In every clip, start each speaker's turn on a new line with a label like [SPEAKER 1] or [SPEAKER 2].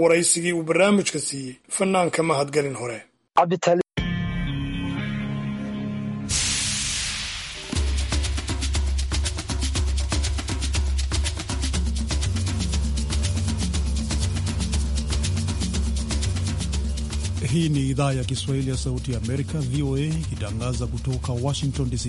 [SPEAKER 1] waraysigii uu barnaamijka siiyey fanaanka mahadgelin hore
[SPEAKER 2] Hii ni idhaa ya Kiswahili ya Sauti ya Amerika, VOA, ikitangaza kutoka Washington DC.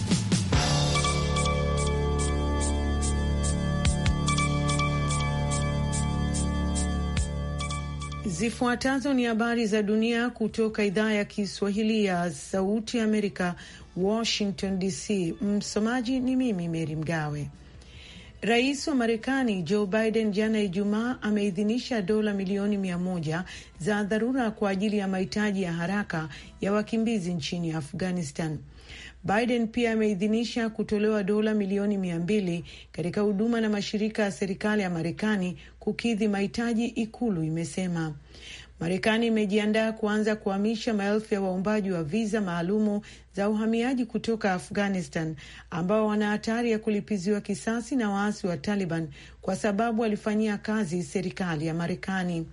[SPEAKER 3] Zifuatazo ni habari za dunia kutoka idhaa ya Kiswahili ya Sauti Amerika, Washington DC. Msomaji ni mimi Meri Mgawe. Rais wa Marekani Joe Biden jana Ijumaa ameidhinisha dola milioni mia moja za dharura kwa ajili ya mahitaji ya haraka ya wakimbizi nchini Afghanistan. Biden pia ameidhinisha kutolewa dola milioni mia mbili katika huduma na mashirika ya serikali ya Marekani kukidhi mahitaji, ikulu imesema. Marekani imejiandaa kuanza kuhamisha maelfu ya waombaji wa viza maalumu za uhamiaji kutoka Afghanistan ambao wana hatari ya kulipiziwa kisasi na waasi wa Taliban kwa sababu walifanyia kazi serikali ya Marekani.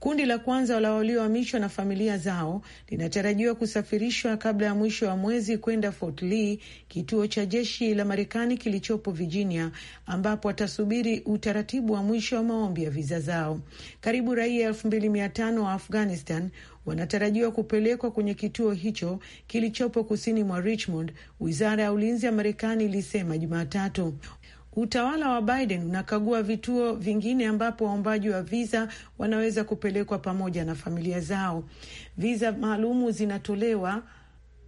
[SPEAKER 3] Kundi la kwanza la waliohamishwa na familia zao linatarajiwa kusafirishwa kabla ya mwisho wa mwezi kwenda Fort Lee, kituo cha jeshi la Marekani kilichopo Virginia, ambapo watasubiri utaratibu wa mwisho wa maombi ya viza zao. Karibu raia elfu mbili mia tano wa Afghanistan wanatarajiwa kupelekwa kwenye kituo hicho kilichopo kusini mwa Richmond, wizara ya ulinzi ya Marekani ilisema Jumatatu. Utawala wa Biden unakagua vituo vingine ambapo waombaji wa viza wanaweza kupelekwa pamoja na familia zao. Viza maalumu zinatolewa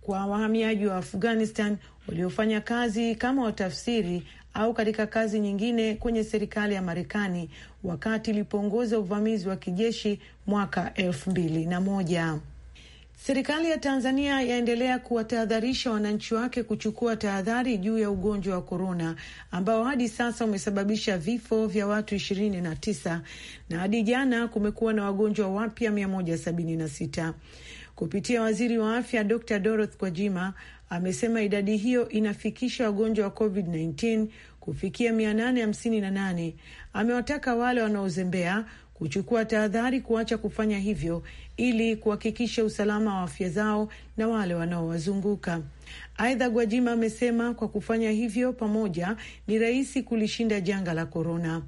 [SPEAKER 3] kwa wahamiaji wa Afghanistan waliofanya kazi kama watafsiri au katika kazi nyingine kwenye serikali ya Marekani wakati ilipoongoza uvamizi wa kijeshi mwaka elfu mbili na moja. Serikali ya Tanzania yaendelea kuwatahadharisha wananchi wake kuchukua tahadhari juu ya ugonjwa wa korona ambao hadi sasa umesababisha vifo vya watu 29 na hadi jana kumekuwa na wagonjwa wapya 176. Kupitia waziri wa afya Dr Dorothy Kwajima amesema idadi hiyo inafikisha wagonjwa wa COVID-19 kufikia 858. Amewataka wale wanaozembea huchukua tahadhari kuacha kufanya hivyo ili kuhakikisha usalama wa afya zao na wale wanaowazunguka. Aidha, Gwajima amesema kwa kufanya hivyo pamoja ni rahisi kulishinda janga la korona.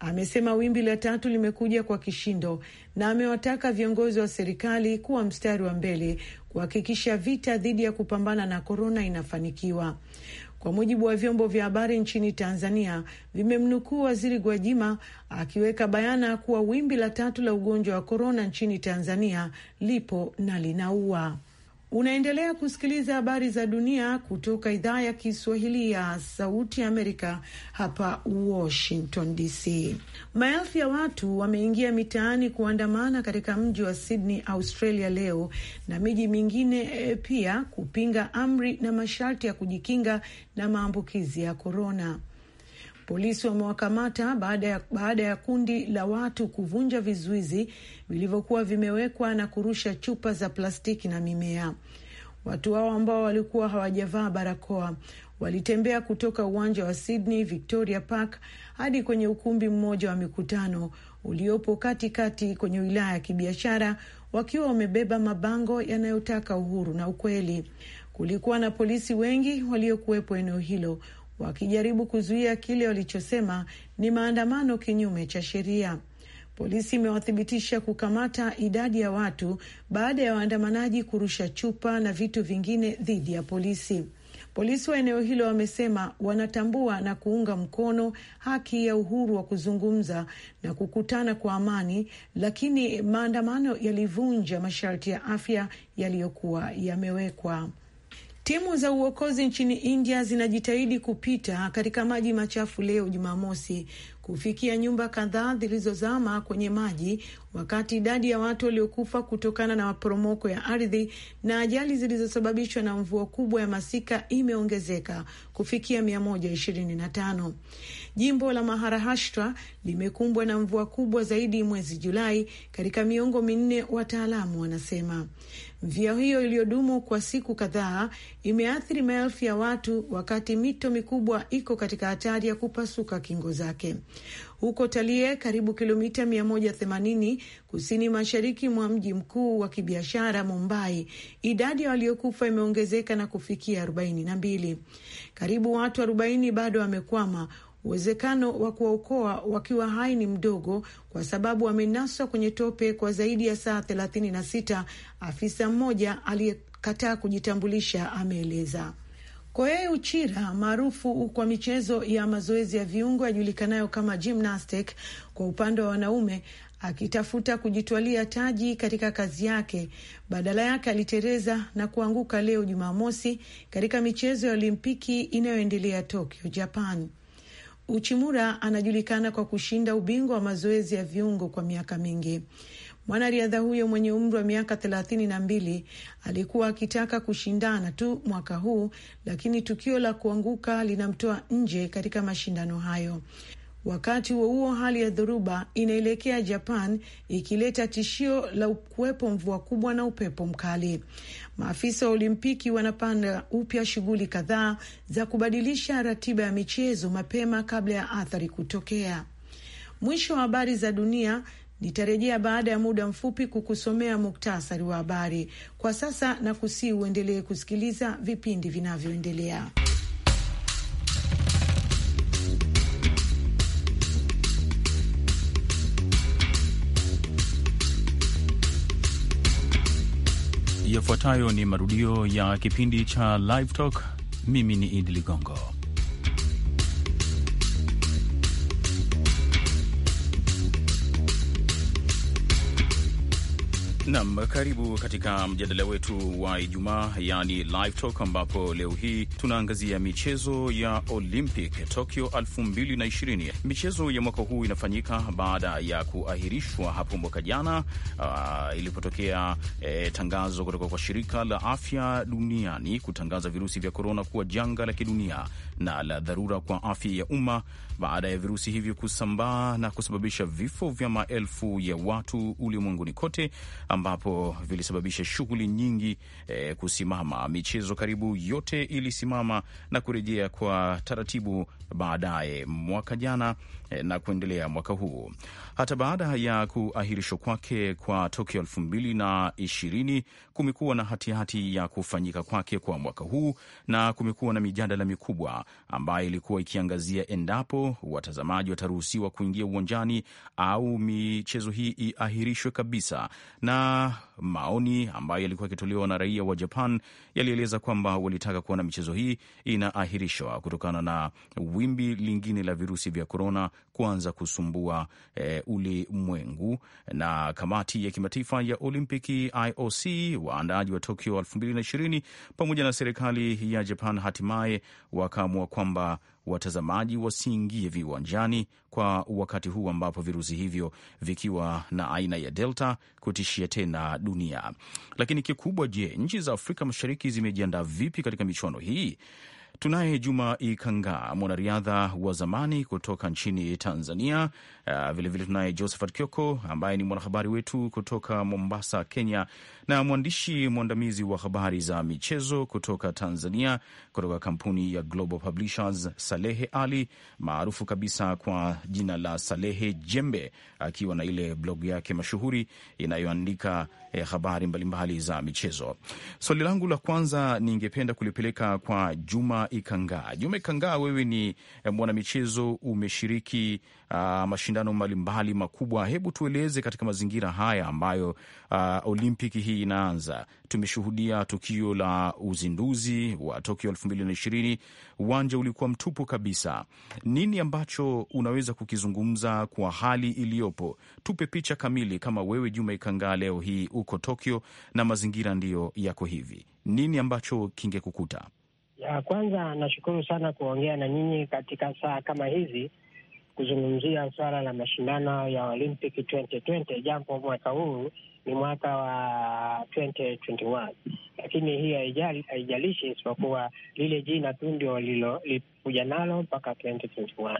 [SPEAKER 3] Amesema wimbi la tatu limekuja kwa kishindo na amewataka viongozi wa serikali kuwa mstari wa mbele kuhakikisha vita dhidi ya kupambana na korona inafanikiwa. Kwa mujibu wa vyombo vya habari nchini Tanzania, vimemnukuu Waziri Gwajima akiweka bayana kuwa wimbi la tatu la ugonjwa wa korona nchini Tanzania lipo na linaua. Unaendelea kusikiliza habari za dunia kutoka idhaa ya Kiswahili ya Sauti ya Amerika hapa Washington DC. Maelfu ya watu wameingia mitaani kuandamana katika mji wa Sydney, Australia leo na miji mingine e, pia kupinga amri na masharti ya kujikinga na maambukizi ya korona. Polisi wamewakamata baada ya, baada ya kundi la watu kuvunja vizuizi vilivyokuwa vimewekwa na kurusha chupa za plastiki na mimea. Watu hao ambao walikuwa hawajavaa barakoa walitembea kutoka uwanja wa Sydney Victoria Park hadi kwenye ukumbi mmoja wa mikutano uliopo katikati kati kwenye wilaya ya kibiashara wakiwa wamebeba mabango yanayotaka uhuru na ukweli. Kulikuwa na polisi wengi waliokuwepo eneo hilo wakijaribu kuzuia kile walichosema ni maandamano kinyume cha sheria. Polisi imewathibitisha kukamata idadi ya watu baada ya waandamanaji kurusha chupa na vitu vingine dhidi ya polisi. Polisi wa eneo hilo wamesema wanatambua na kuunga mkono haki ya uhuru wa kuzungumza na kukutana kwa amani, lakini maandamano yalivunja masharti ya afya yaliyokuwa yamewekwa. Timu za uokozi nchini India zinajitahidi kupita katika maji machafu leo Jumamosi kufikia nyumba kadhaa zilizozama kwenye maji, wakati idadi ya watu waliokufa kutokana na maporomoko ya ardhi na ajali zilizosababishwa na mvua kubwa ya masika imeongezeka kufikia 125. Jimbo la Maharashtra limekumbwa na mvua kubwa zaidi mwezi Julai katika miongo minne, wataalamu wanasema. Mvua hiyo iliyodumu kwa siku kadhaa imeathiri maelfu ya watu, wakati mito mikubwa iko katika hatari ya kupasuka kingo zake huko Talie, karibu kilomita 180 kusini mashariki mwa mji mkuu wa kibiashara Mumbai. Idadi ya waliokufa imeongezeka na kufikia 42. Karibu watu 40 bado wamekwama. Uwezekano wa kuwaokoa wakiwa hai ni mdogo kwa sababu wamenaswa kwenye tope kwa zaidi ya saa 36, afisa mmoja aliyekataa kujitambulisha ameeleza. Koei Uchira maarufu kwa michezo ya mazoezi ya viungo yajulikanayo kama gymnastic kwa upande wa wanaume, akitafuta kujitwalia taji katika kazi yake. Badala yake alitereza na kuanguka leo Jumamosi katika michezo ya Olimpiki inayoendelea Tokyo, Japan. Uchimura anajulikana kwa kushinda ubingwa wa mazoezi ya viungo kwa miaka mingi. Mwanariadha huyo mwenye umri wa miaka thelathini na mbili alikuwa akitaka kushindana tu mwaka huu, lakini tukio la kuanguka linamtoa nje katika mashindano hayo. Wakati huo huo, hali ya dhoruba inaelekea Japan ikileta tishio la kuwepo mvua kubwa na upepo mkali. Maafisa wa Olimpiki wanapanga upya shughuli kadhaa za kubadilisha ratiba ya michezo mapema kabla ya athari kutokea. Mwisho wa habari za dunia. Nitarejea baada ya muda mfupi kukusomea muktasari wa habari. Kwa sasa na kusii uendelee kusikiliza vipindi vinavyoendelea.
[SPEAKER 4] Yafuatayo ni marudio ya kipindi cha Live Talk. Mimi ni Idi Ligongo. Nam, karibu katika mjadala wetu wa Ijumaa yani live talk, ambapo leo hii tunaangazia michezo ya Olympic Tokyo 2020. Michezo ya mwaka huu inafanyika baada ya kuahirishwa hapo mwaka jana uh, ilipotokea eh, tangazo kutoka kwa shirika la afya duniani kutangaza virusi vya korona kuwa janga la kidunia na la dharura kwa afya ya umma baada ya virusi hivyo kusambaa na kusababisha vifo vya maelfu ya watu ulimwenguni kote ambapo vilisababisha shughuli nyingi e, kusimama. Michezo karibu yote ilisimama na kurejea kwa taratibu baadaye mwaka jana e, na kuendelea mwaka huu. Hata baada ya kuahirishwa kwake kwa Tokyo elfu mbili na ishirini, kumekuwa na hatihati hati ya kufanyika kwake kwa mwaka huu, na kumekuwa na mijadala mikubwa ambayo ilikuwa ikiangazia endapo watazamaji wataruhusiwa kuingia uwanjani au michezo hii iahirishwe kabisa, na maoni ambayo yalikuwa yakitolewa na raia wa Japan yalieleza kwamba walitaka kuona michezo hii inaahirishwa kutokana na wimbi lingine la virusi vya korona kuanza kusumbua eh, ulimwengu na kamati ya kimataifa ya Olimpiki IOC, waandaaji wa Tokyo 2020 pamoja na serikali ya Japan hatimaye wakaamua kwamba watazamaji wasiingie viwanjani kwa wakati huu ambapo virusi hivyo vikiwa na aina ya Delta kutishia tena dunia. Lakini kikubwa, je, nchi za Afrika Mashariki zimejiandaa vipi katika michuano hii? Tunaye Juma ikanga mwanariadha wa zamani kutoka nchini Tanzania. Uh, vilevile uh, vile tunaye Josephat Kioko ambaye ni mwanahabari wetu kutoka Mombasa, Kenya, na mwandishi mwandamizi wa habari za michezo kutoka Tanzania, kutoka kampuni ya Global Publishers, Salehe Ali maarufu kabisa kwa jina la Salehe Jembe, akiwa na ile blog yake mashuhuri inayoandika eh, habari mbalimbali mbali za michezo. Swali so, langu la kwanza ningependa kulipeleka kwa Juma Ikangaa. Juma Ikangaa, wewe ni eh, mwanamichezo, umeshiriki uh, mashindano mbalimbali makubwa. Hebu tueleze katika mazingira haya ambayo uh, Olimpiki hii hii inaanza, tumeshuhudia tukio la uzinduzi wa Tokyo 2020. Uwanja ulikuwa mtupu kabisa. Nini ambacho unaweza kukizungumza kwa hali iliyopo? Tupe picha kamili, kama wewe Juma Ikangaa leo hii uko Tokyo na mazingira ndiyo yako hivi, nini ambacho kingekukuta?
[SPEAKER 5] Ya, kwanza nashukuru sana kuongea na nyinyi katika saa kama hizi kuzungumzia swala la mashindano ya Olympic 2020 japo mwaka huu ni mwaka wa 2021 lakini hii haijalishi, isipokuwa lile jina tu ndio walilolikuja nalo mpaka 2021.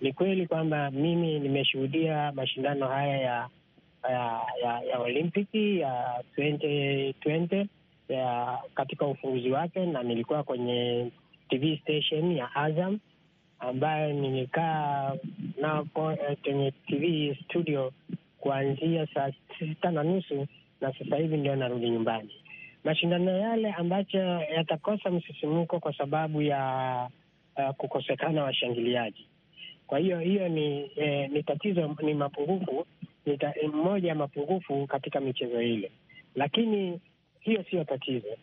[SPEAKER 5] Ni kweli kwamba mimi nimeshuhudia mashindano haya ya ya, ya, ya Olimpiki ya 2020 ya katika ufunguzi wake, na nilikuwa kwenye TV station ya Azam ambaye nilikaa na eh, kwenye TV studio kuanzia saa sita na nusu na sasa hivi ndio narudi nyumbani. Mashindano yale ambacho yatakosa msisimuko kwa sababu ya uh, kukosekana washangiliaji. Kwa hiyo hiyo ni eh, ni tatizo, ni mapungufu, ni mmoja ya mapungufu katika michezo ile, lakini hiyo siyo tatizo,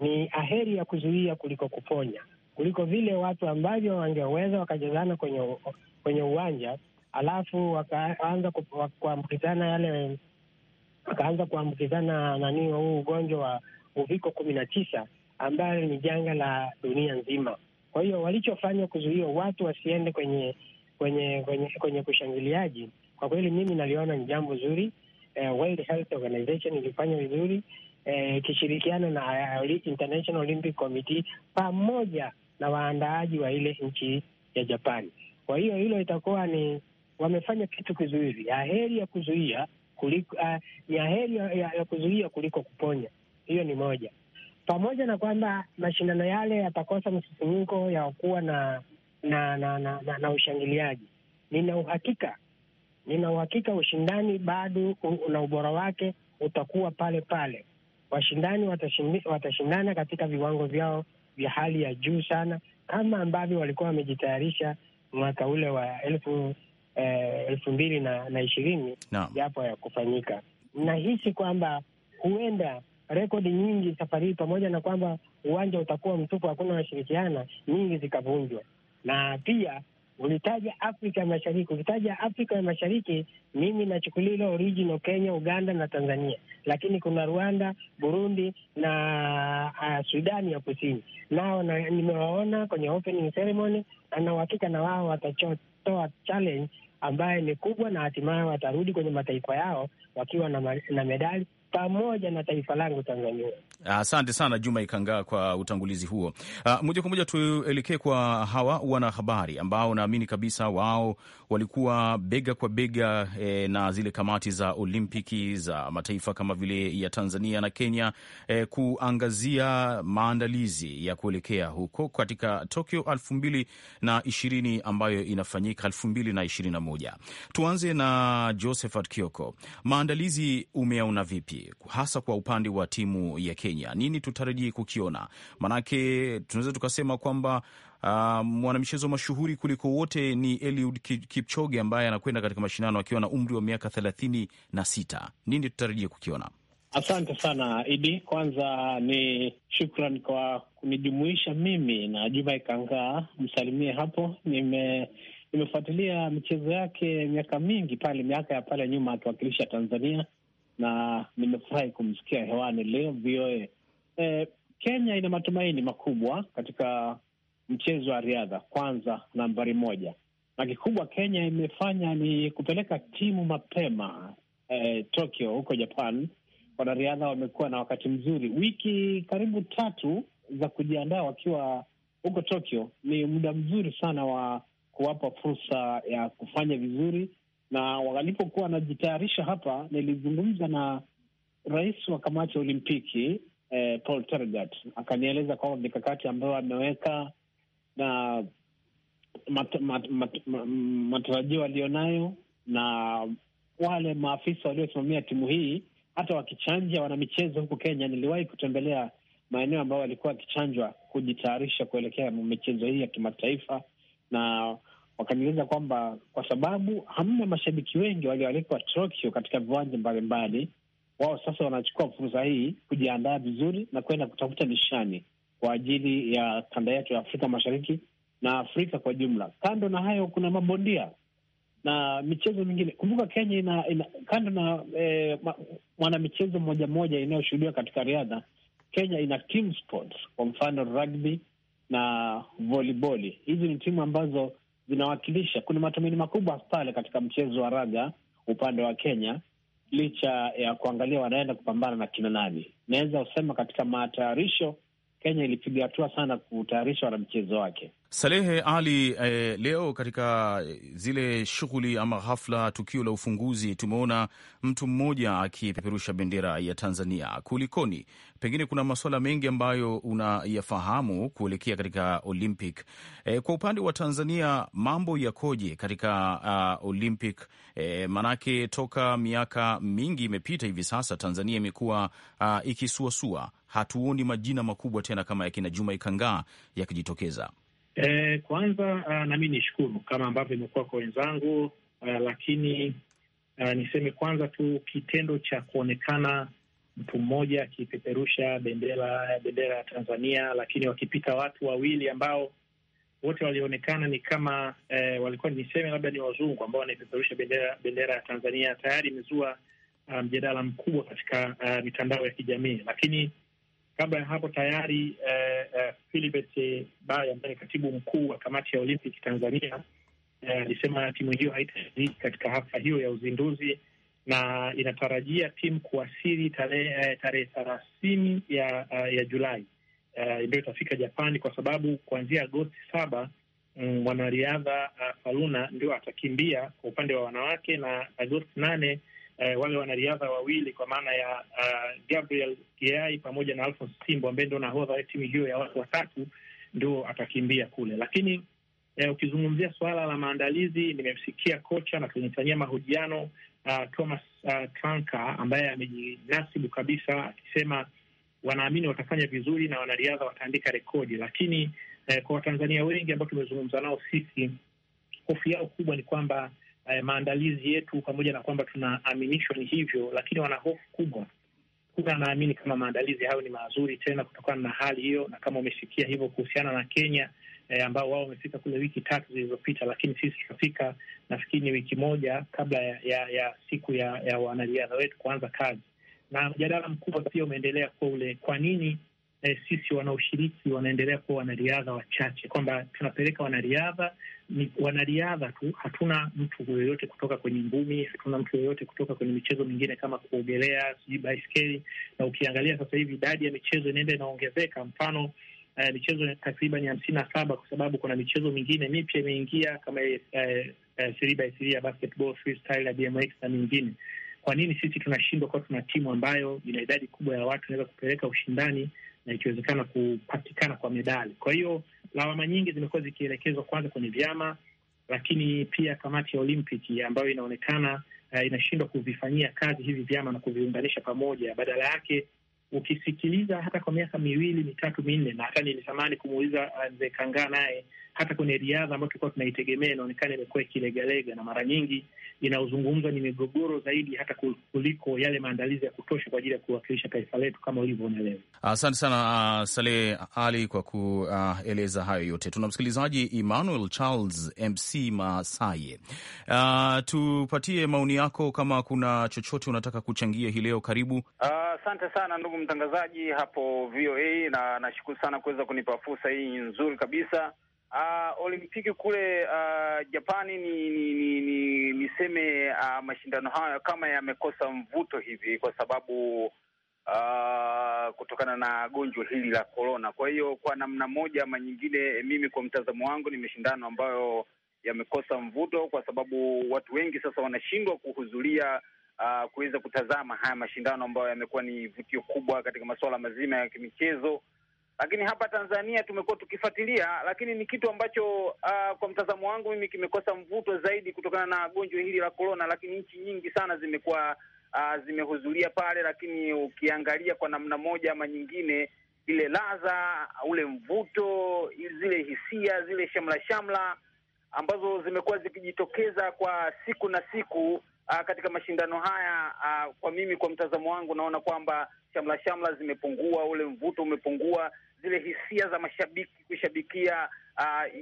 [SPEAKER 5] ni aheri ya kuzuia kuliko kuponya kuliko vile watu ambavyo wangeweza wakachezana kwenye kwenye uwanja alafu wakaanza kuambukizana yale wakaanza kuambukizana nani huu ugonjwa wa uviko kumi na tisa ambayo ni janga la dunia nzima. Kwa hiyo walichofanya kuzuia watu wasiende kwenye kwenye kwenye kwenye kushangiliaji, kwa kweli mimi naliona ni jambo zuri. Eh, World Health Organization ilifanya vizuri eh, ikishirikiana eh, na International Olympic Committee pamoja na waandaaji wa ile nchi ya Japani. Kwa hiyo hilo itakuwa ni wamefanya kitu kizuri, aheri ya kuzuia kuliko uh, ni aheri ya, ya kuzuia kuliko kuponya. Hiyo ni moja, pamoja na kwamba mashindano yale yatakosa msisimko ya kuwa na na na, na, na na ushangiliaji. Nina uhakika nina uhakika ushindani bado na ubora wake utakuwa pale pale. Washindani watashindana katika viwango vyao vya hali ya juu sana kama ambavyo walikuwa wamejitayarisha mwaka ule wa elfu eh, elfu mbili na, na ishirini japo ya kufanyika. Nahisi kwamba huenda rekodi nyingi safari hii, pamoja na kwamba uwanja utakuwa mtupu, hakuna washirikiana, nyingi zikavunjwa na pia ulitaja Afrika ya Mashariki. Ukitaja Afrika ya Mashariki, mimi nachukulia ile original Kenya, Uganda na Tanzania, lakini kuna Rwanda, Burundi na uh, ah, Sudani ya Kusini nao na, nimewaona kwenye opening ceremony na na uhakika na wao watatoa challenge ambaye ni kubwa, na hatimaye watarudi kwenye mataifa yao wakiwa na, na medali pamoja na taifa langu Tanzania.
[SPEAKER 4] Asante sana Juma Ikangaa kwa utangulizi huo. Uh, moja kwa moja tuelekee kwa hawa wanahabari ambao naamini kabisa wao walikuwa bega kwa bega e, na zile kamati za Olimpiki za mataifa kama vile ya Tanzania na Kenya e, kuangazia maandalizi ya kuelekea huko katika Tokyo elfu mbili na ishirini ambayo inafanyika elfu mbili na ishirini na moja. Tuanze na Josephat Kioko, maandalizi umeaona vipi hasa kwa upande wa timu ya Kenya? Kenya? Nini tutarajie kukiona? Maanake tunaweza tukasema kwamba Uh, ah, mwanamchezo mashuhuri kuliko wote ni Eliud Kipchoge ambaye anakwenda katika mashindano akiwa na umri wa miaka thelathini na sita. Nini tutarajie kukiona? Asante
[SPEAKER 6] sana Idi. Kwanza ni shukran kwa kunijumuisha mimi na Juma Ikangaa, msalimie hapo. Nime nimefuatilia michezo yake miaka mingi pale, miaka ya pale nyuma akiwakilisha Tanzania na nimefurahi kumsikia hewani leo VOA. E, Kenya ina matumaini makubwa katika mchezo wa riadha, kwanza nambari moja, na kikubwa Kenya imefanya ni kupeleka timu mapema e, Tokyo huko Japan. Wanariadha wamekuwa na wakati mzuri, wiki karibu tatu za kujiandaa wakiwa huko Tokyo. Ni muda mzuri sana wa kuwapa fursa ya kufanya vizuri na walipokuwa wanajitayarisha hapa, nilizungumza na rais wa kamati ya Olimpiki eh, Paul Tergat akanieleza kwamba mikakati ambayo ameweka na matarajio mat, mat, mat, mat, aliyonayo na wale maafisa waliosimamia timu hii, hata wakichanja wanamichezo huku Kenya. Niliwahi kutembelea maeneo ambayo walikuwa wakichanjwa kujitayarisha kuelekea michezo hii ya kimataifa, na wakaniuliza kwamba kwa sababu hamna mashabiki wengi walioalikwa Tokyo katika viwanja mbalimbali, wao sasa wanachukua fursa hii kujiandaa vizuri na kwenda kutafuta nishani kwa ajili ya kanda yetu ya Afrika Mashariki na Afrika kwa jumla. Kando na hayo, kuna mabondia na michezo mingine. Kumbuka Kenya ina, ina kando na eh, mwanamichezo moja moja inayoshuhudiwa katika riadha, Kenya ina team sports, kwa mfano rugby na voliboli. Hizi ni timu ambazo zinawakilisha. Kuna matumaini makubwa pale katika mchezo wa raga upande wa Kenya, licha ya kuangalia wanaenda kupambana na kina nani. Naweza kusema katika matayarisho Kenya ilipiga hatua sana kutayarisha wanamchezo wake.
[SPEAKER 4] Salehe Ali, eh, leo katika eh, zile shughuli ama hafla tukio la ufunguzi tumeona mtu mmoja akipeperusha bendera ya Tanzania. Kulikoni? Pengine kuna masuala mengi ambayo unayafahamu kuelekea katika Olympic. Eh, kwa upande wa Tanzania mambo yakoje katika uh, Olympic? Eh, manake toka miaka mingi imepita hivi sasa Tanzania imekuwa uh, ikisuasua, hatuoni majina makubwa tena kama yakina Juma Ikangaa yakijitokeza.
[SPEAKER 1] E, kwanza uh, eh, nami nishukuru kama ambavyo imekuwa kwa wenzangu uh, lakini uh, niseme kwanza tu kitendo cha kuonekana mtu mmoja akipeperusha bendera bendera ya Tanzania, lakini wakipita watu wawili ambao wote walionekana ni kama eh, walikuwa niseme labda ni wazungu ambao wanaipeperusha bendera bendera ya Tanzania, tayari imezua mjadala um, mkubwa katika uh, mitandao ya kijamii, lakini Kabla ya hapo tayari eh, eh, Philibert Bayi ambaye ni katibu mkuu wa kamati ya Olympic Tanzania eh, alisema eh, timu hiyo haitashiriki katika hafla hiyo ya uzinduzi na inatarajia timu kuwasili tarehe eh, tarehe thelathini ya, eh, ya Julai eh, ndio itafika Japani kwa sababu kuanzia Agosti saba mm, mwanariadha mm, Faluna ndio atakimbia kwa upande wa wanawake na Agosti nane eh, wale wanariadha wawili kwa maana ya uh, Gabriel Kiai pamoja na Alphonse Simbo ambaye ndo nahodha wa timu hiyo ya watu watatu ndio atakimbia kule. Lakini eh, ukizungumzia suala la maandalizi, nimemsikia kocha na tumemfanyia mahojiano uh, Thomas uh, Tranka ambaye amejinasibu kabisa akisema wanaamini watafanya vizuri na wanariadha wataandika rekodi, lakini eh, kwa Watanzania wengi ambao tumezungumza nao sisi, hofu yao kubwa ni kwamba eh, maandalizi yetu, pamoja na kwamba tunaaminishwa ni hivyo, lakini wana hofu kubwa. Kuna anaamini kama maandalizi hayo ni mazuri tena kutokana na hali hiyo, na kama umesikia hivyo kuhusiana na Kenya eh, ambao wao wamefika kule wiki tatu zilizopita, lakini sisi tutafika nafikiri ni wiki moja kabla ya, ya, ya siku ya, ya wanariadha wetu kuanza kazi, na mjadala mkubwa pia umeendelea kuwa ule, kwa nini eh, sisi wanaoshiriki wanaendelea kuwa wanariadha wachache, kwamba tunapeleka wanariadha ni wanariadha tu, hatuna mtu yoyote kutoka kwenye ngumi, hatuna mtu yoyote kutoka kwenye michezo mingine kama kuogelea, sijui baiskeli. Na ukiangalia sasa hivi idadi ya michezo inaenda inaongezeka, mfano eh, michezo takriban hamsini na saba kwa sababu kuna michezo mingine mipya imeingia kama three eh, eh, by ya basketball, freestyle BMX na mingine. Kwa nini sisi tunashindwa kuwa tuna timu ambayo ina idadi kubwa ya watu inaweza kupeleka ushindani na ikiwezekana kupatikana kwa medali. Kwa hiyo lawama nyingi zimekuwa zikielekezwa kwanza kwenye vyama, lakini pia kamati ya Olimpiki ambayo inaonekana uh, inashindwa kuvifanyia kazi hivi vyama na kuviunganisha pamoja. Badala yake ukisikiliza hata kwa miaka miwili mitatu minne, na hata nilitamani kumuuliza eh, mzee Kangaa naye, hata kwenye riadha ambayo tulikuwa tunaitegemea inaonekana imekuwa ikilegalega, na mara nyingi inayozungumzwa ni migogoro zaidi hata kuliko yale maandalizi ya kutosha kwa ajili ya kuwakilisha taifa letu kama ulivyoona leo.
[SPEAKER 4] Asante sana uh, Saleh Ali kwa kueleza uh, hayo yote. Tuna msikilizaji Emmanuel Charles Mc Masaye, uh, tupatie maoni yako kama kuna chochote unataka kuchangia hii leo. Karibu.
[SPEAKER 7] Asante uh, sana ndugu mtangazaji hapo VOA, na nashukuru sana kuweza kunipa fursa hii nzuri kabisa uh, Olimpiki kule uh, Japani ni, ni, ni, ni niseme uh, mashindano hayo kama yamekosa mvuto hivi kwa sababu uh, kutokana na gonjwa hili la korona. Kwa hiyo kwa namna moja ama nyingine, mimi kwa mtazamo wangu ni mashindano ambayo yamekosa mvuto kwa sababu watu wengi sasa wanashindwa kuhudhuria uh, kuweza kutazama haya mashindano ambayo yamekuwa ni vutio kubwa katika masuala mazima ya kimichezo lakini hapa Tanzania tumekuwa tukifuatilia, lakini ni kitu ambacho uh, kwa mtazamo wangu mimi kimekosa mvuto zaidi kutokana na gonjwa hili la korona, lakini nchi nyingi sana zimekuwa uh, zimehudhuria pale, lakini ukiangalia kwa namna moja ama nyingine, ile ladha, ule mvuto, zile hisia, zile shamla shamla ambazo zimekuwa zikijitokeza kwa siku na siku uh, katika mashindano haya uh, kwa mimi, kwa mtazamo wangu naona kwamba shamla shamla zimepungua, ule mvuto umepungua, zile hisia za mashabiki kushabikia uh,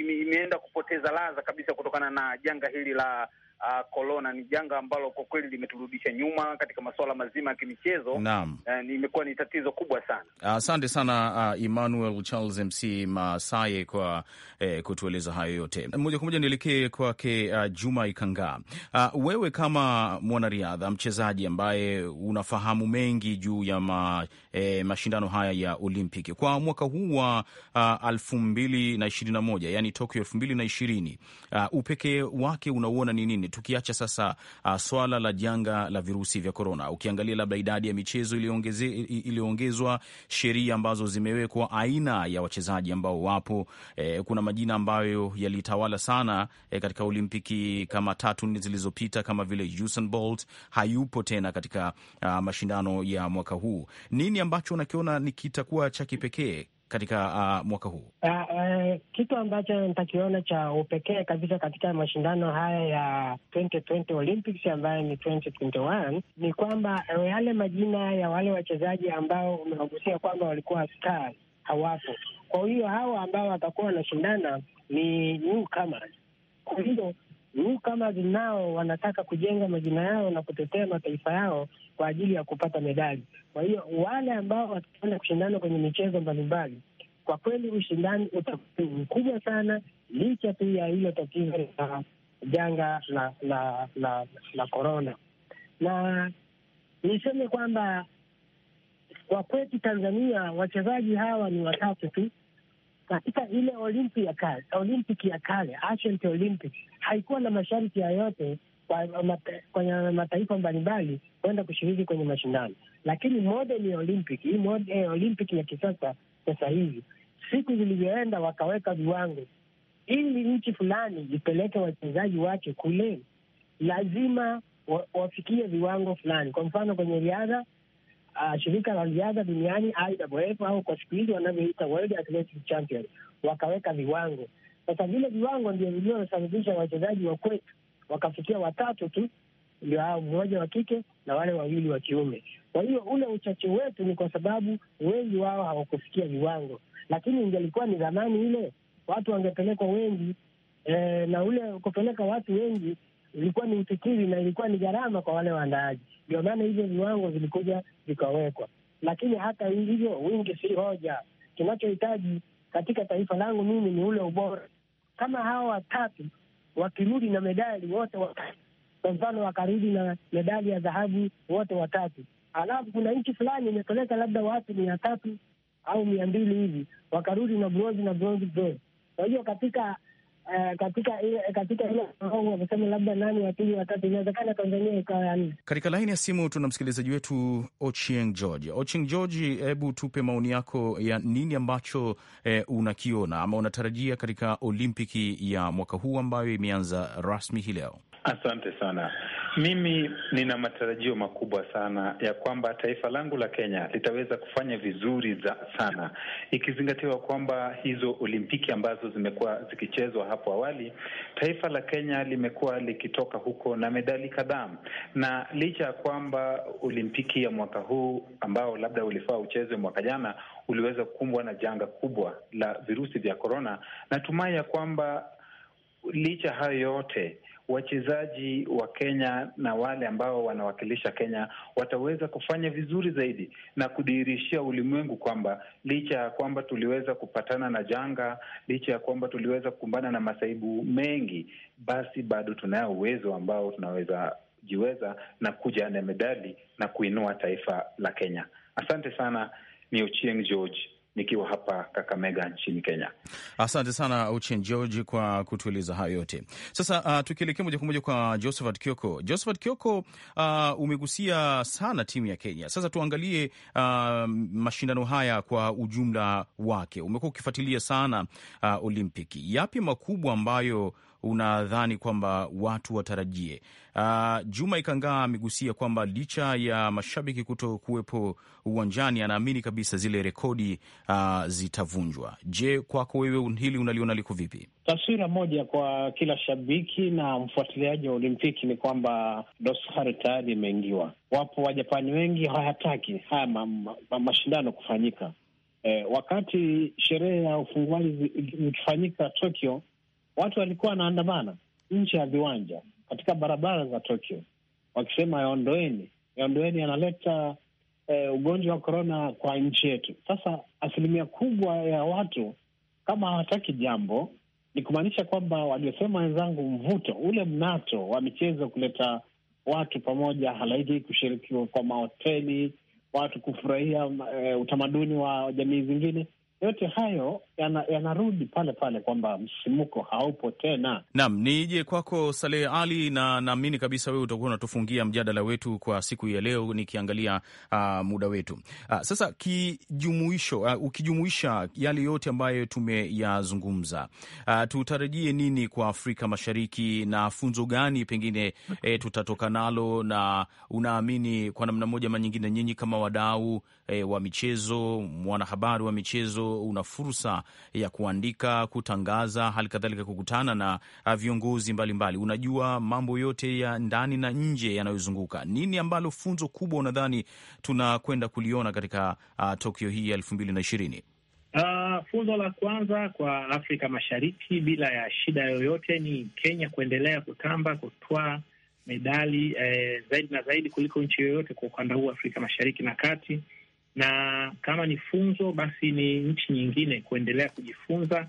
[SPEAKER 7] imeenda kupoteza ladha kabisa kutokana na janga hili la korona. Ah, uh, ni janga ambalo kwa kweli limeturudisha nyuma katika masuala mazima ya kimichezo. Naam, eh, imekuwa uh, ni tatizo kubwa
[SPEAKER 4] sana. Asante uh, sana uh, Emmanuel Charles Mc Masaye kwa eh, kutueleza hayo yote. Moja kwa moja nielekee kwake uh, Juma Ikangaa. Uh, wewe kama mwanariadha mchezaji ambaye unafahamu mengi juu ya ma e, mashindano haya ya Olimpiki kwa mwaka huu wa elfu mbili na ishirini na moja yani Tokyo elfu mbili na ishirini upekee wake unauona ni nini? Tukiacha sasa uh, swala la janga la virusi vya korona, ukiangalia labda idadi ya michezo iliyoongezwa, sheria ambazo zimewekwa, aina ya wachezaji ambao wapo e, kuna majina ambayo yalitawala sana e, katika Olimpiki kama tatu nne zilizopita kama vile Usain Bolt hayupo tena katika uh, mashindano ya mwaka huu nini ambacho unakiona ni kitakuwa cha kipekee katika uh, mwaka huu
[SPEAKER 5] uh, uh, kitu ambacho nitakiona cha upekee kabisa katika mashindano haya ya 2020 Olympics ambayo ni 2021 ni kwamba uh, yale majina ya wale wachezaji ambao umewagusia kwamba walikuwa stars hawapo. Kwa hiyo hawa ambao watakuwa wanashindana ni newcomers. Kwa hiyo huu kama nao wanataka kujenga majina yao na kutetea mataifa yao kwa ajili ya kupata medali. Kwa hiyo wale ambao wataenda kushindana kwenye michezo mbalimbali, kwa kweli ushindani utakuwa mkubwa sana, licha tu ya hilo tatizo la janga la la la la korona. Na niseme kwamba kwa kwetu Tanzania wachezaji hawa ni watatu tu katika ile Olympic ya kale, Olympic ya kale, ancient Olympic haikuwa na masharti yoyote kwenye mataifa mbalimbali kwenda kushiriki kwenye mashindano, lakini modern Olympic hii modern eh, Olympic ya kisasa sasa hivi, siku zilivyoenda wakaweka viwango ili nchi fulani ipeleke wachezaji wake kule, lazima wafikie viwango fulani. Kwa mfano kwenye riadha uh, shirika la riadha duniani IAAF au kwa siku hizi wanavyoita World Athletics Champions wakaweka viwango. Sasa vile viwango ndio vilivyosababisha wachezaji wa kwetu wakafikia watatu tu, ndio hao, mmoja wa kike na wale wawili wa kiume. Kwa hiyo ule uchache wetu ni kwa sababu wengi wao hawakufikia viwango, lakini ingelikuwa ni dhamani ile, watu wangepelekwa wengi eh, na ule kupeleka watu wengi ilikuwa ni ufikiri na ilikuwa ni gharama kwa wale waandaaji. Ndio maana hivyo viwango vilikuja vikawekwa, lakini hata hivyo wingi si hoja. Kinachohitaji katika taifa langu mimi ni ule ubora. Kama hawa watatu wakirudi na medali wote watatu, kwa mfano wakarudi na medali ya dhahabu wote watatu, alafu kuna nchi fulani imepeleka labda watu mia tatu au mia mbili hivi, wakarudi na bronzi na bronzi bronzi. Kwa hiyo katika katika eh, katika ile kusema labda nani pili watatu, inawezekana Tanzania ikawa ya nne.
[SPEAKER 4] Katika laini ya simu tuna msikilizaji wetu Ochieng George. Ochieng George, hebu tupe maoni yako ya nini ambacho eh, unakiona ama unatarajia katika Olimpiki ya mwaka huu ambayo imeanza rasmi hii leo.
[SPEAKER 8] Asante sana. Mimi nina matarajio makubwa sana ya kwamba taifa langu la Kenya litaweza kufanya vizuri za sana, ikizingatiwa kwamba hizo Olimpiki ambazo zimekuwa zikichezwa hapo awali, taifa la Kenya limekuwa likitoka huko na medali kadhaa, na licha ya kwamba Olimpiki ya mwaka huu ambao labda ulifaa uchezwe mwaka jana uliweza kukumbwa na janga kubwa la virusi vya korona, natumai ya kwamba licha hayo yote wachezaji wa Kenya na wale ambao wanawakilisha Kenya wataweza kufanya vizuri zaidi na kudhihirishia ulimwengu kwamba licha ya kwamba tuliweza kupatana na janga, licha ya kwamba tuliweza kukumbana na masaibu mengi, basi bado tunayo uwezo ambao tunaweza jiweza na kuja na medali na kuinua taifa la Kenya. Asante sana, ni Ochieng George nikiwa hapa Kakamega nchini Kenya.
[SPEAKER 4] Asante sana Ochieng George kwa kutueleza hayo yote. Sasa uh, tukielekea moja kwa moja kwa Josephat Kioko. Josephat Kioko, uh, umegusia sana timu ya Kenya. Sasa tuangalie uh, mashindano haya kwa ujumla wake. Umekuwa ukifuatilia sana uh, Olimpiki, yapi makubwa ambayo unadhani kwamba watu watarajie? Uh, Juma Ikangaa amegusia kwamba licha ya mashabiki kuto kuwepo uwanjani, anaamini kabisa zile rekodi uh, zitavunjwa. Je, kwako wewe hili unaliona liko vipi?
[SPEAKER 6] Taswira moja kwa kila shabiki na mfuatiliaji wa Olimpiki ni kwamba dosari tayari imeingiwa. Wapo Wajapani wengi hawayataki haya ma, ma, ma, mashindano kufanyika. Eh, wakati sherehe ya ufunguaji zikifanyika Tokyo watu walikuwa wanaandamana nje ya viwanja katika barabara za Tokyo wakisema yaondoeni, yaondoeni, yanaleta eh, ugonjwa wa korona kwa nchi yetu. Sasa asilimia kubwa ya watu kama hawataki jambo, ni kumaanisha kwamba waliosema wenzangu, mvuto ule, mnato wa michezo kuleta watu pamoja, halaiki kushirikiwa kwa mahoteli, watu kufurahia eh, utamaduni wa jamii zingine, yote hayo yanarudi yana pale pale kwamba msimuko haupo tena.
[SPEAKER 4] Naam, nije kwako Saleh Ali, na naamini kabisa wewe utakuwa unatufungia mjadala wetu kwa siku ya leo, nikiangalia uh, muda wetu uh, sasa kijumuisho uh, ukijumuisha yale yote ambayo tumeyazungumza, uh, tutarajie nini kwa Afrika Mashariki na funzo gani pengine eh, tutatoka nalo, na unaamini kwa namna moja ama nyingine nyinyi kama wadau eh, wa michezo, mwanahabari wa michezo, una fursa ya kuandika, kutangaza, hali kadhalika kukutana na uh, viongozi mbalimbali, unajua mambo yote ya ndani na nje yanayozunguka. Nini ambalo funzo kubwa unadhani tunakwenda kuliona katika uh, Tokyo hii ya elfu mbili na ishirini?
[SPEAKER 1] Uh, funzo la kwanza kwa Afrika Mashariki bila ya shida yoyote ni Kenya kuendelea kutamba kutwa medali eh, zaidi na zaidi kuliko nchi yoyote kwa ukanda huu Afrika Mashariki na Kati na kama ni funzo, basi ni nchi nyingine kuendelea kujifunza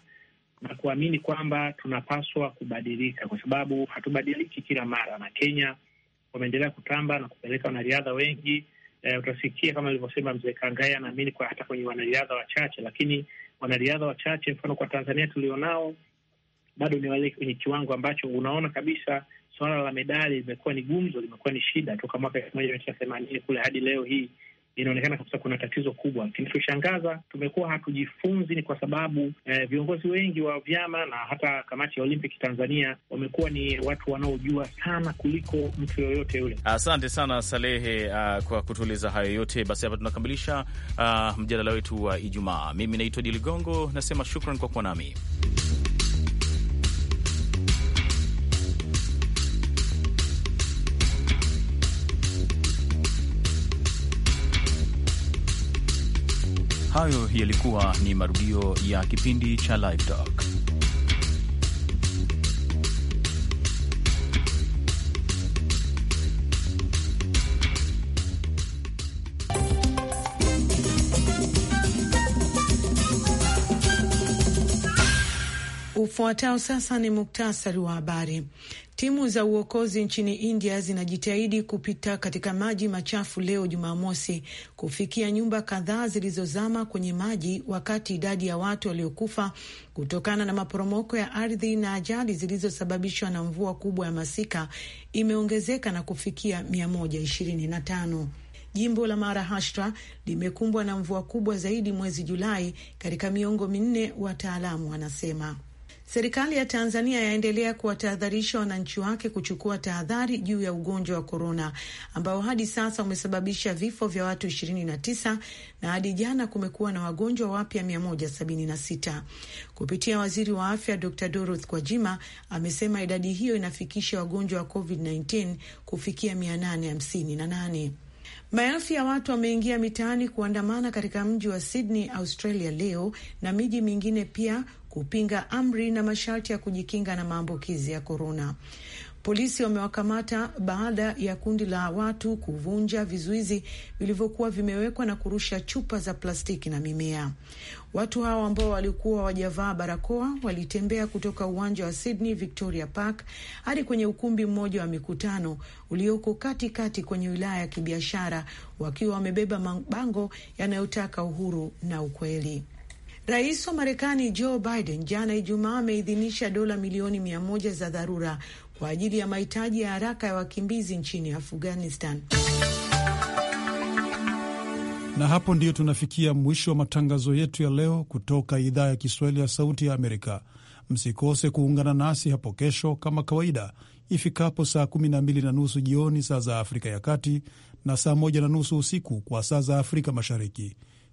[SPEAKER 1] na kuamini kwamba tunapaswa kubadilika, kwa sababu hatubadiliki kila mara, na Kenya wameendelea kutamba na kupeleka wanariadha wengi. E, utasikia kama alivyosema mzee Kangaya, anaamini kwa hata kwenye wanariadha wachache, lakini wanariadha wachache, mfano kwa Tanzania tulionao bado ni wale kwenye kiwango ambacho unaona kabisa suala la medali limekuwa ni gumzo, limekuwa ni shida toka mwaka elfu moja mia tisa themanini kule hadi leo hii inaonekana kabisa kuna tatizo kubwa. Kinachoshangaza, tumekuwa hatujifunzi. Ni kwa sababu eh, viongozi wengi wa vyama na hata kamati ya Olympic Tanzania wamekuwa ni watu wanaojua sana kuliko mtu yoyote yule.
[SPEAKER 4] Asante sana Salehe, uh, kwa kutueleza hayo yote. Basi hapa tunakamilisha uh, mjadala wetu wa Ijumaa. Mimi naitwa Diligongo, nasema shukran kwa kuwa nami. Hayo yalikuwa ni marudio ya kipindi cha Live Talk.
[SPEAKER 3] Ufuatao sasa ni muktasari wa habari. Timu za uokozi nchini India zinajitahidi kupita katika maji machafu leo Jumamosi kufikia nyumba kadhaa zilizozama kwenye maji, wakati idadi ya watu waliokufa kutokana na maporomoko ya ardhi na ajali zilizosababishwa na mvua kubwa ya masika imeongezeka na kufikia 125. Jimbo la Maharashtra limekumbwa na mvua kubwa zaidi mwezi Julai katika miongo minne, wataalamu wanasema. Serikali ya Tanzania yaendelea kuwatahadharisha wananchi wake kuchukua tahadhari juu ya ugonjwa wa korona ambao hadi sasa umesababisha vifo vya watu 29 na hadi jana kumekuwa na wagonjwa wapya 176. Kupitia waziri wa afya Dr Dorothy Gwajima amesema idadi hiyo inafikisha wagonjwa wa COVID-19 kufikia 858. Maelfu ya watu wameingia mitaani kuandamana katika mji wa Sydney, Australia leo na miji mingine pia kupinga amri na masharti ya kujikinga na maambukizi ya korona. Polisi wamewakamata baada ya kundi la watu kuvunja vizuizi vilivyokuwa vimewekwa na kurusha chupa za plastiki na mimea. Watu hao ambao walikuwa hawajavaa barakoa walitembea kutoka uwanja wa Sydney Victoria Park hadi kwenye ukumbi mmoja wa mikutano ulioko katikati kwenye wilaya ya kibiashara, wakiwa wamebeba mabango yanayotaka uhuru na ukweli. Rais wa Marekani Joe Biden jana Ijumaa ameidhinisha dola milioni mia moja za dharura kwa ajili ya mahitaji ya haraka ya wakimbizi nchini Afghanistan.
[SPEAKER 2] Na hapo ndiyo tunafikia mwisho wa matangazo yetu ya leo kutoka idhaa ya Kiswahili ya Sauti ya Amerika. Msikose kuungana nasi hapo kesho kama kawaida ifikapo saa 12 na nusu jioni saa za Afrika ya Kati na saa 1 na nusu usiku kwa saa za Afrika Mashariki.